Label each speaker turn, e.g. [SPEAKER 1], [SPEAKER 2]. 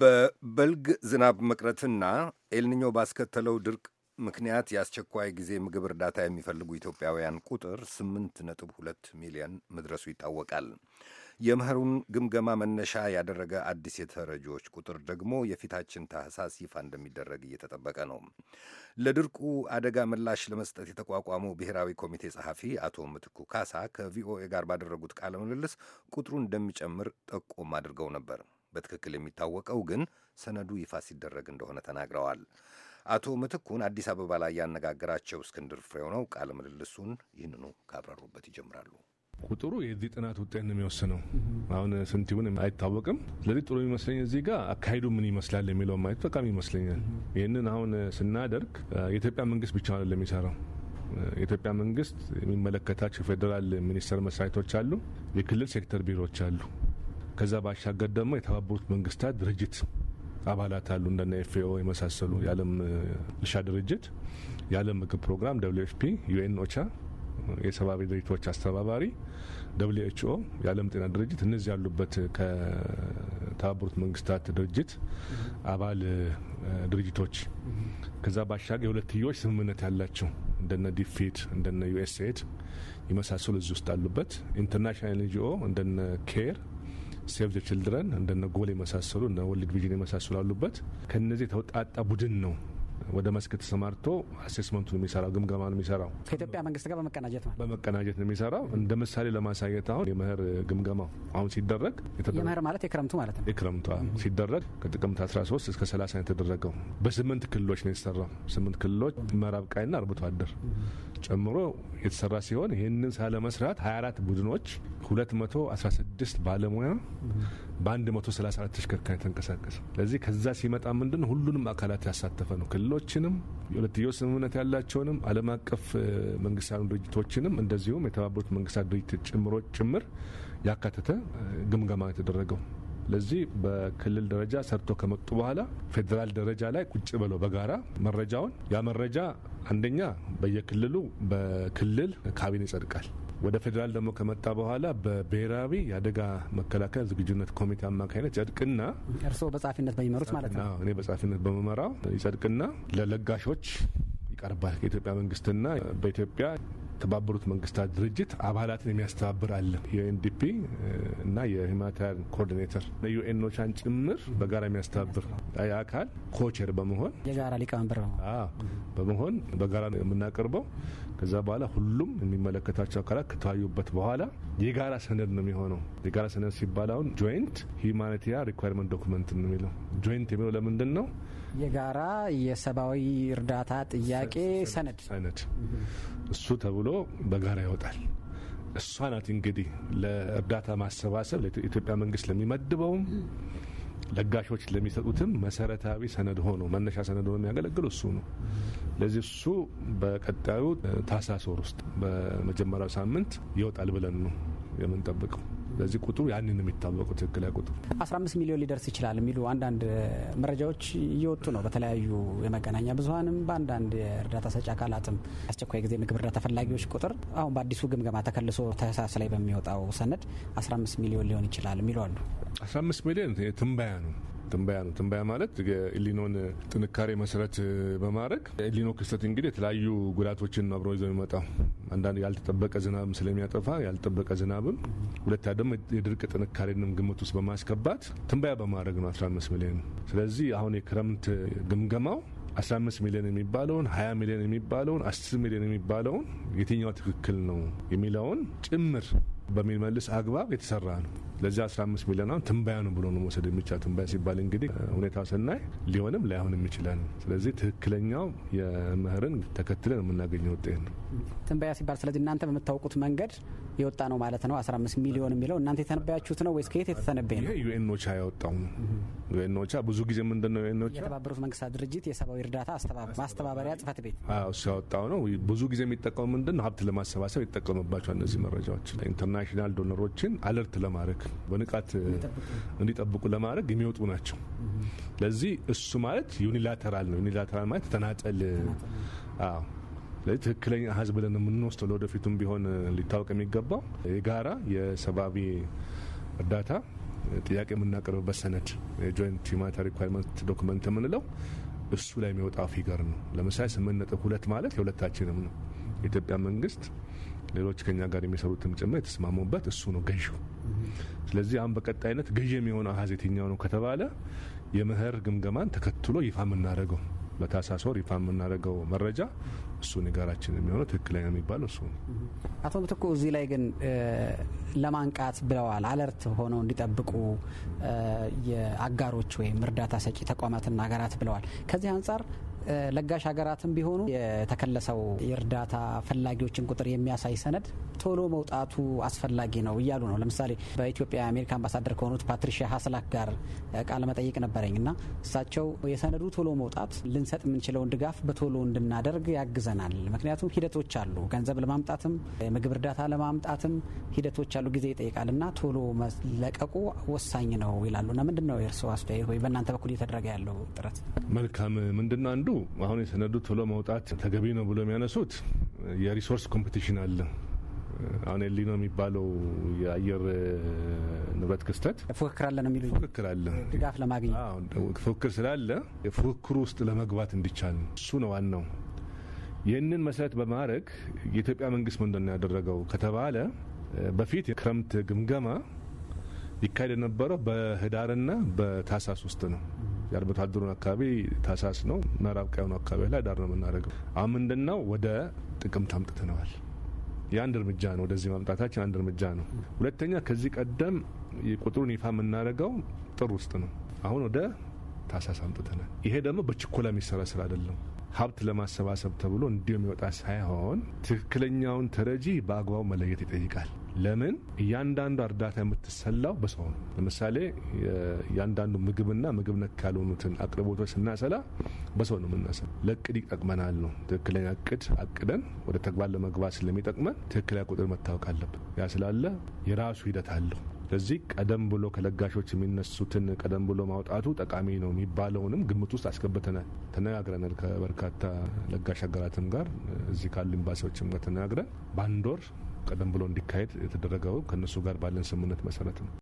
[SPEAKER 1] በበልግ ዝናብ መቅረትና ኤልኒኞ ባስከተለው ድርቅ ምክንያት የአስቸኳይ ጊዜ ምግብ እርዳታ የሚፈልጉ ኢትዮጵያውያን ቁጥር 8.2 ሚሊዮን መድረሱ ይታወቃል። የምህሩን ግምገማ መነሻ ያደረገ አዲስ የተረጂዎች ቁጥር ደግሞ የፊታችን ታህሳስ ይፋ እንደሚደረግ እየተጠበቀ ነው። ለድርቁ አደጋ ምላሽ ለመስጠት የተቋቋመው ብሔራዊ ኮሚቴ ጸሐፊ አቶ ምትኩ ካሳ ከቪኦኤ ጋር ባደረጉት ቃለ ምልልስ ቁጥሩ እንደሚጨምር ጠቆም አድርገው ነበር። በትክክል የሚታወቀው ግን ሰነዱ ይፋ ሲደረግ እንደሆነ ተናግረዋል። አቶ ምትኩን አዲስ አበባ ላይ ያነጋገራቸው እስክንድር ፍሬው ነው። ቃለ ምልልሱን ይህንኑ ካብራሩበት ይጀምራሉ። ቁጥሩ የዚህ ጥናት ውጤት ነው የሚወስነው። አሁን ስንት ይሁን አይታወቅም። ስለዚህ ጥሩ የሚመስለኝ እዚህ ጋር አካሄዱ ምን ይመስላል የሚለው ማየት ጠቃሚ ይመስለኛል። ይህንን አሁን ስናደርግ የኢትዮጵያ መንግስት ብቻ ነው የሚሰራው። የኢትዮጵያ መንግስት የሚመለከታቸው የፌዴራል ሚኒስቴር መስሪያ ቤቶች አሉ፣ የክልል ሴክተር ቢሮዎች አሉ ከዛ ባሻገር ደግሞ የተባበሩት መንግስታት ድርጅት አባላት አሉ እንደነ ኤፍኤኦ የመሳሰሉ የዓለም እርሻ ድርጅት፣ የዓለም ምግብ ፕሮግራም ደብሊው ኤፍፒ፣ ዩኤን ኦቻ የሰብአዊ ድርጅቶች አስተባባሪ ደብሊው ኤችኦ የዓለም ጤና ድርጅት እነዚህ ያሉበት ከተባበሩት መንግስታት ድርጅት አባል ድርጅቶች ከዛ ባሻገር የሁለትዮሽ ስምምነት ያላቸው እንደነ ዲፊት እንደነ ዩኤስኤድ የመሳሰሉ እዚህ ውስጥ አሉበት። ኢንተርናሽናል ኤንጂኦ እንደነ ኬር ሴቭ ዘ ችልድረን እንደነ ጎል የመሳሰሉ እነ ወልድ ቪዥን የመሳሰሉ አሉበት። ከነዚህ የተወጣጣ ቡድን ነው ወደ መስክ ተሰማርቶ አሴስመንቱን የሚሰራው ግምገማ የሚሰራው ከኢትዮጵያ መንግስት ጋር በመቀናጀት ነው በመቀናጀት ነው የሚሰራው። እንደ ምሳሌ ለማሳየት አሁን የምህር ግምገማው አሁን ሲደረግ የምህር
[SPEAKER 2] ማለት የክረምቱ ማለት
[SPEAKER 1] ነው የክረምቱ ሲደረግ ከጥቅምት 13 እስከ 30 የተደረገው በስምንት ክልሎች ነው የተሰራው። ስምንት ክልሎች ምዕራብ ቃይና አርብቶ አደር ጨምሮ የተሰራ ሲሆን ይህንን መስራት 24 ቡድኖች 216 ባለሙያ በ134 ተሽከርካሪ ተንቀሳቀሰ። ስለዚህ ከዛ ሲመጣ ምንድን ሁሉንም አካላት ያሳተፈ ነው ክልል ግሎችንም የሁለትዮ ስምምነት ያላቸውንም ዓለም አቀፍ መንግስታዊ ድርጅቶችንም እንደዚሁም የተባበሩት መንግስታት ድርጅት ጭምሮች ጭምር ያካተተ ግምገማ የተደረገው። ለዚህ በክልል ደረጃ ሰርቶ ከመጡ በኋላ ፌዴራል ደረጃ ላይ ቁጭ ብለው በጋራ መረጃውን ያ መረጃ አንደኛ በየክልሉ በክልል ካቢኔ ይጸድቃል። ወደ ፌዴራል ደግሞ ከመጣ በኋላ በብሔራዊ የአደጋ መከላከል ዝግጁነት ኮሚቴ አማካኝነት ይጸድቅና
[SPEAKER 2] እርስዎ በጻፊነት በሚመሩት ማለት ነው።
[SPEAKER 1] እኔ በጻፊነት በመመራው ይጸድቅና ለለጋሾች ይቀርባል። የኢትዮጵያ መንግስትና በኢትዮጵያ የተባበሩት መንግስታት ድርጅት አባላትን የሚያስተባብር አለ። የዩኤንዲፒ እና የሁማኒታሪያን ኮኦርዲኔተር የዩኤኖቻን ጭምር በጋራ የሚያስተባብር አካል ኮቸር በመሆን የጋራ ሊቀመንበር በመሆን በጋራ የምናቀርበው ከዛ በኋላ ሁሉም የሚመለከታቸው አካላት ከታዩበት በኋላ የጋራ ሰነድ ነው የሚሆነው። የጋራ ሰነድ ሲባል አሁን ጆይንት ሂውማኒታሪያን ሪኳርመንት ዶክመንት ነው የሚለው ጆይንት የሚለው ለምንድን ነው?
[SPEAKER 2] የጋራ የሰብአዊ እርዳታ ጥያቄ ሰነድ
[SPEAKER 1] ሰነድ እሱ ተብሎ በጋራ ይወጣል። እሷ ናት እንግዲህ ለእርዳታ ማሰባሰብ ለኢትዮጵያ መንግስት ለሚመድበውም ለጋሾች ለሚሰጡትም መሰረታዊ ሰነድ ሆኖ መነሻ ሰነድ ሆኖ የሚያገለግል እሱ ነው። ለዚህ እሱ በቀጣዩ ታህሳስ ወር ውስጥ በመጀመሪያው ሳምንት ይወጣል ብለን ነው የምንጠብቀው። ስለዚህ ቁጥሩ ያንን የሚታወቁ ትክክለኛ ቁጥሩ
[SPEAKER 2] 15 ሚሊዮን ሊደርስ ይችላል የሚሉ አንዳንድ መረጃዎች እየወጡ ነው። በተለያዩ የመገናኛ ብዙሀንም በአንዳንድ የእርዳታ ሰጪ አካላትም አስቸኳይ ጊዜ ምግብ እርዳታ ፈላጊዎች ቁጥር አሁን በአዲሱ ግምገማ ተከልሶ ተሳስ ላይ በሚወጣው ሰነድ 15 ሚሊዮን ሊሆን ይችላል የሚሉ አሉ።
[SPEAKER 1] 15 ሚሊዮን ትንበያ ነው። ትንበያ ነው። ትንበያ ማለት የኢሊኖን ጥንካሬ መሰረት በማድረግ ኢሊኖ ክስተት እንግዲህ የተለያዩ ጉዳቶችን አብሮ ይዘው የሚመጣው አንዳንድ ያልተጠበቀ ዝናብም ስለሚያጠፋ ያልተጠበቀ ዝናብም፣ ሁለታ ደግሞ የድርቅ ጥንካሬንም ግምት ውስጥ በማስገባት ትንበያ በማድረግ ነው 15 ሚሊዮን። ስለዚህ አሁን የክረምት ግምገማው 15 ሚሊዮን የሚባለውን 20 ሚሊዮን የሚባለውን 10 ሚሊዮን የሚባለውን የትኛው ትክክል ነው የሚለውን ጭምር በሚመልስ አግባብ የተሰራ ነው። ለዚህ 15 ሚሊዮን አሁን ትንበያ ነው ብሎ ነው መውሰድ የሚቻል። ትንበያ ሲባል እንግዲህ ሁኔታ ስናይ ሊሆንም ላይሆን የሚችላል። ስለዚህ ትክክለኛው የምህርን ተከትለን የምናገኘው ውጤት ነው
[SPEAKER 2] ትንበያ ሲባል። ስለዚህ እናንተ በምታውቁት መንገድ የወጣ ነው ማለት ነው። 15 ሚሊዮን የሚለው እናንተ የተነበያችሁት ነው ወይስ ከየት የተተነበየ ነው?
[SPEAKER 1] ይሄ ዩኤንኦቻ ያወጣው ነው። ዩኤንኦቻ ብዙ ጊዜ ምንድን ነው ዩኤንኦቻ የተባበሩት
[SPEAKER 2] መንግስታት ድርጅት የሰብአዊ እርዳታ ማስተባበሪያ ጽህፈት ቤት
[SPEAKER 1] እሱ ያወጣው ነው። ብዙ ጊዜ የሚጠቀሙ ምንድን ነው ሀብት ለማሰባሰብ ይጠቀምባቸዋል። እነዚህ መረጃዎች ኢንተርናሽናል ዶነሮችን አለርት ለማድረግ በንቃት እንዲጠብቁ ለማድረግ የሚወጡ ናቸው። ለዚህ እሱ ማለት ዩኒላተራል ነው። ዩኒላተራል ማለት ተናጠል። አዎ ትክክለኛ ህዝብ ብለን የምንወስደው ለወደፊቱም ቢሆን ሊታወቅ የሚገባው የጋራ የሰብአዊ እርዳታ ጥያቄ የምናቀርብበት ሰነድ የጆይንት ሁማኒታሪ ሪኳርመንት ዶክመንት የምንለው እሱ ላይ የሚወጣ ፊገር ነው። ለምሳሌ ስምንት ነጥብ ሁለት ማለት የሁለታችንም ነው የኢትዮጵያ መንግስት ሌሎች ከኛ ጋር የሚሰሩትም ጭምር የተስማሙበት እሱ ነው ገዢው። ስለዚህ አሁን በቀጣይነት ገዢ የሚሆነው አሀዝ የትኛው ነው ከተባለ የምህር ግምገማን ተከትሎ ይፋ የምናደርገው በታህሳስ ወር ይፋ የምናደርገው መረጃ እሱ የጋራችን የሚሆነው ትክክለኛ የሚባለው እሱ ነው።
[SPEAKER 2] አቶ ምትኩ እዚህ ላይ ግን ለማንቃት ብለዋል። አለርት ሆነው እንዲጠብቁ የአጋሮች ወይም እርዳታ ሰጪ ተቋማትና ሀገራት ብለዋል። ከዚህ አንጻር ለጋሽ ሀገራትም ቢሆኑ የተከለሰው የእርዳታ ፈላጊዎችን ቁጥር የሚያሳይ ሰነድ ቶሎ መውጣቱ አስፈላጊ ነው እያሉ ነው። ለምሳሌ በኢትዮጵያ የአሜሪካ አምባሳደር ከሆኑት ፓትሪሺያ ሀስላክ ጋር ቃለ መጠይቅ ነበረኝ እና እሳቸው የሰነዱ ቶሎ መውጣት ልንሰጥ የምንችለውን ድጋፍ በቶሎ እንድናደርግ ያግዘናል። ምክንያቱም ሂደቶች አሉ። ገንዘብ ለማምጣትም ምግብ እርዳታ ለማምጣትም ሂደቶች አሉ፣ ጊዜ ይጠይቃል እና ቶሎ መለቀቁ ወሳኝ ነው ይላሉ። እና ምንድን ነው የእርስዎ አስተያየት ወይ በእናንተ በኩል እየተደረገ ያለው ጥረት?
[SPEAKER 1] መልካም ምንድን ነው አንዱ አሁን የሰነዱ ቶሎ መውጣት ተገቢ ነው ብሎ የሚያነሱት የሪሶርስ ኮምፒቲሽን አለ። አሁን ኤልኒኖ የሚባለው የአየር ንብረት ክስተት ፉክክር አለ ነው የሚሉኝ። ፉክክር አለ፣ ድጋፍ ለማግኘት ፉክክር ስላለ ፉክክሩ ውስጥ ለመግባት እንዲቻል እሱ ነው ዋናው። ይህንን መሰረት በማድረግ የኢትዮጵያ መንግስት ምንድን ነው ያደረገው ከተባለ በፊት የክረምት ግምገማ ይካሄድ የነበረው በህዳርና በታህሳስ ውስጥ ነው። የአርብቶ አደሩን አካባቢ ታሳስ ነው፣ ምዕራብ ቀያኑ አካባቢ ላይ ዳር ነው የምናደርገው። አሁን ምንድን ነው ወደ ጥቅምት አምጥተነዋል። የአንድ እርምጃ ነው ወደዚህ ማምጣታችን አንድ እርምጃ ነው። ሁለተኛ ከዚህ ቀደም ቁጥሩን ይፋ የምናደርገው ጥር ውስጥ ነው። አሁን ወደ ታሳስ አምጥተናል። ይሄ ደግሞ በችኮላ የሚሰራ ስራ አይደለም። ሀብት ለማሰባሰብ ተብሎ እንዲሁ የሚወጣ ሳይሆን ትክክለኛውን ተረጂ በአግባቡ መለየት ይጠይቃል። ለምን እያንዳንዱ እርዳታ የምትሰላው በሰው ነው። ለምሳሌ እያንዳንዱ ምግብና ምግብ ነክ ያልሆኑትን አቅርቦቶች ስናሰላ በሰው ነው የምናሰላ። ለእቅድ ይጠቅመናል ነው ትክክለኛ እቅድ አቅደን ወደ ተግባር ለመግባት ስለሚጠቅመን ትክክለኛ ቁጥር መታወቅ አለብን። ያ ስላለ የራሱ ሂደት አለው። ስለዚህ ቀደም ብሎ ከለጋሾች የሚነሱትን ቀደም ብሎ ማውጣቱ ጠቃሚ ነው የሚባለውንም ግምት ውስጥ አስገብተናል። ተነጋግረናል ከበርካታ ለጋሽ ሀገራትም ጋር እዚህ ካሉ ኤምባሲዎችም ጋር ተነጋግረን በአንድ ወር ቀደም ብሎ እንዲካሄድ የተደረገው ከእነሱ ጋር ባለን ስምምነት መሰረት ነው።